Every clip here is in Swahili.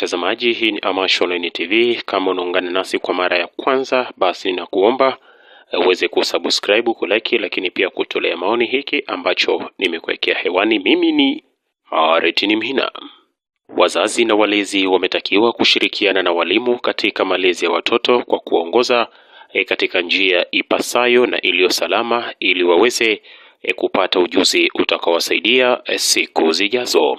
mtazamaji, hii ni Amash Online TV. Kama unaungana nasi kwa mara ya kwanza, basi ninakuomba eh, uweze kusubscribe, kulike, lakini pia kutolea maoni hiki ambacho nimekuwekea hewani. Mimi ni Aretini Mhina. Wazazi na walezi wametakiwa kushirikiana na walimu katika malezi ya watoto kwa kuongoza e, eh, katika njia ipasayo na iliyo salama ili waweze e, kupata ujuzi utakaowasaidia e, siku zijazo.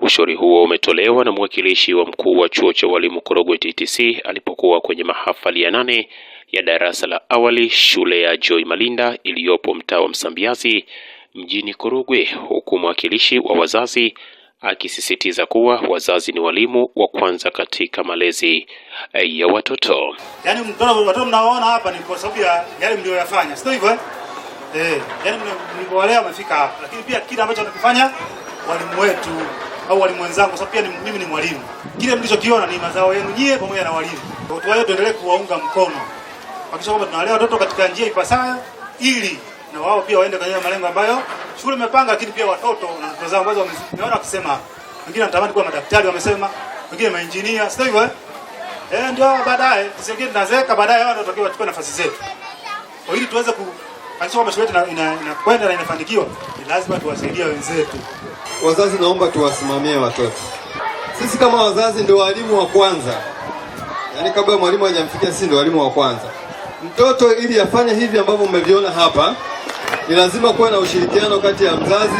Ushauri huo umetolewa na mwakilishi wa mkuu wa chuo cha walimu Korogwe TTC alipokuwa kwenye mahafali ya nane ya darasa la awali shule ya Joy Malinda iliyopo mtaa wa Msambiazi mjini Korogwe, huku mwakilishi wa wazazi akisisitiza kuwa wazazi ni walimu wa kwanza katika malezi ya watoto. Yaani mtoto watoto mnaoona hapa ni kwa sababu ya yale mlioyafanya, sio hivyo eh? Eh, yaani mliowalea wamefika hapa, lakini pia kile ambacho wanakifanya walimu wetu au walimu wenzangu, sababu pia mimi ni mwalimu. Kile mlichokiona ni mazao yenu nyie pamoja na walimu. Watu wao tuendelee kuwaunga mkono, hakikisha kwamba tunawalea watoto katika njia ipasayo, ili na wao pia waende kwenye malengo ambayo shule imepanga, lakini pia watoto na ndoto zao ambao wameona wakisema, wengine wanatamani kuwa madaktari wamesema, wengine maengineer, sio hivyo eh? Eh, ndio baadaye sisi wengine tunazeeka, baadaye wao ndio watakiwa wachukue nafasi zetu, kwa ili tuweze ku kanisa kwamba shule yetu inakwenda na inafanikiwa, ni lazima tuwasaidie wenzetu. Wazazi, naomba tuwasimamie watoto. Sisi kama wazazi ndio walimu wa kwanza, yaani kabla mwalimu hajamfikia sisi ndio walimu wa kwanza. Mtoto ili afanye hivi ambavyo mmeviona hapa, ni lazima kuwe na ushirikiano kati ya mzazi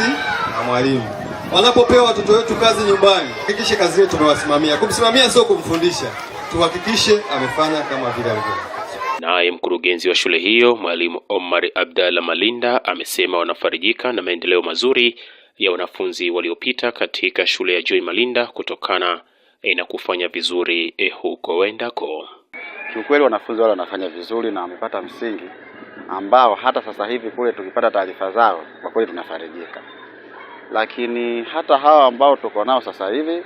na mwalimu. Wanapopewa watoto wetu kazi nyumbani, hakikishe kazi hiyo tumewasimamia. Kumsimamia sio kumfundisha, tuhakikishe amefanya kama vile alivyo Naye mkurugenzi wa shule hiyo Mwalimu Omar Abdalla Malinda amesema wanafarijika na maendeleo mazuri ya wanafunzi waliopita katika shule ya Joy Malinda kutokana eh, na kufanya vizuri eh, huko wendako. Kiukweli wanafunzi wale wanafanya vizuri na wamepata msingi ambao hata sasa hivi kule tukipata taarifa zao kwa kweli tunafarijika, lakini hata hawa ambao tuko nao sasa hivi,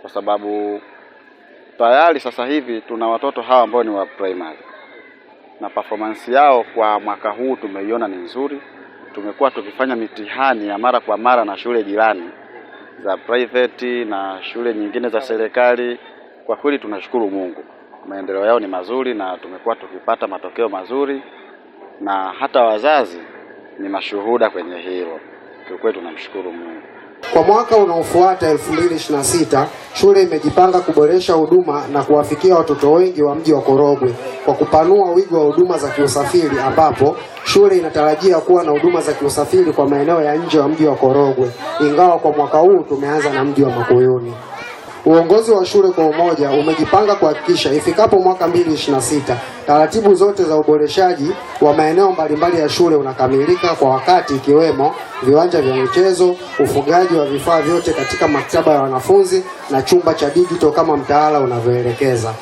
kwa sababu tayari sasa hivi tuna watoto hawa ambao ni wa primary na performance yao kwa mwaka huu tumeiona ni nzuri. Tumekuwa tukifanya mitihani ya mara kwa mara na shule jirani za private na shule nyingine za serikali. Kwa kweli tunashukuru Mungu, maendeleo yao ni mazuri na tumekuwa tukipata matokeo mazuri, na hata wazazi ni mashuhuda kwenye hilo. Kiukweli tunamshukuru Mungu. Kwa mwaka unaofuata 2026 shule imejipanga kuboresha huduma na kuwafikia watoto wengi wa mji wa Korogwe kwa kupanua wigo wa huduma za kiusafiri, ambapo shule inatarajia kuwa na huduma za kiusafiri kwa maeneo ya nje wa mji wa Korogwe, ingawa kwa mwaka huu tumeanza na mji wa Makuyuni. Uongozi wa shule kwa umoja umejipanga kuhakikisha ifikapo mwaka 2026 taratibu zote za uboreshaji wa maeneo mbalimbali ya shule unakamilika kwa wakati, ikiwemo viwanja vya michezo, ufugaji wa vifaa vyote katika maktaba ya wanafunzi na chumba cha digital kama mtaala unavyoelekeza.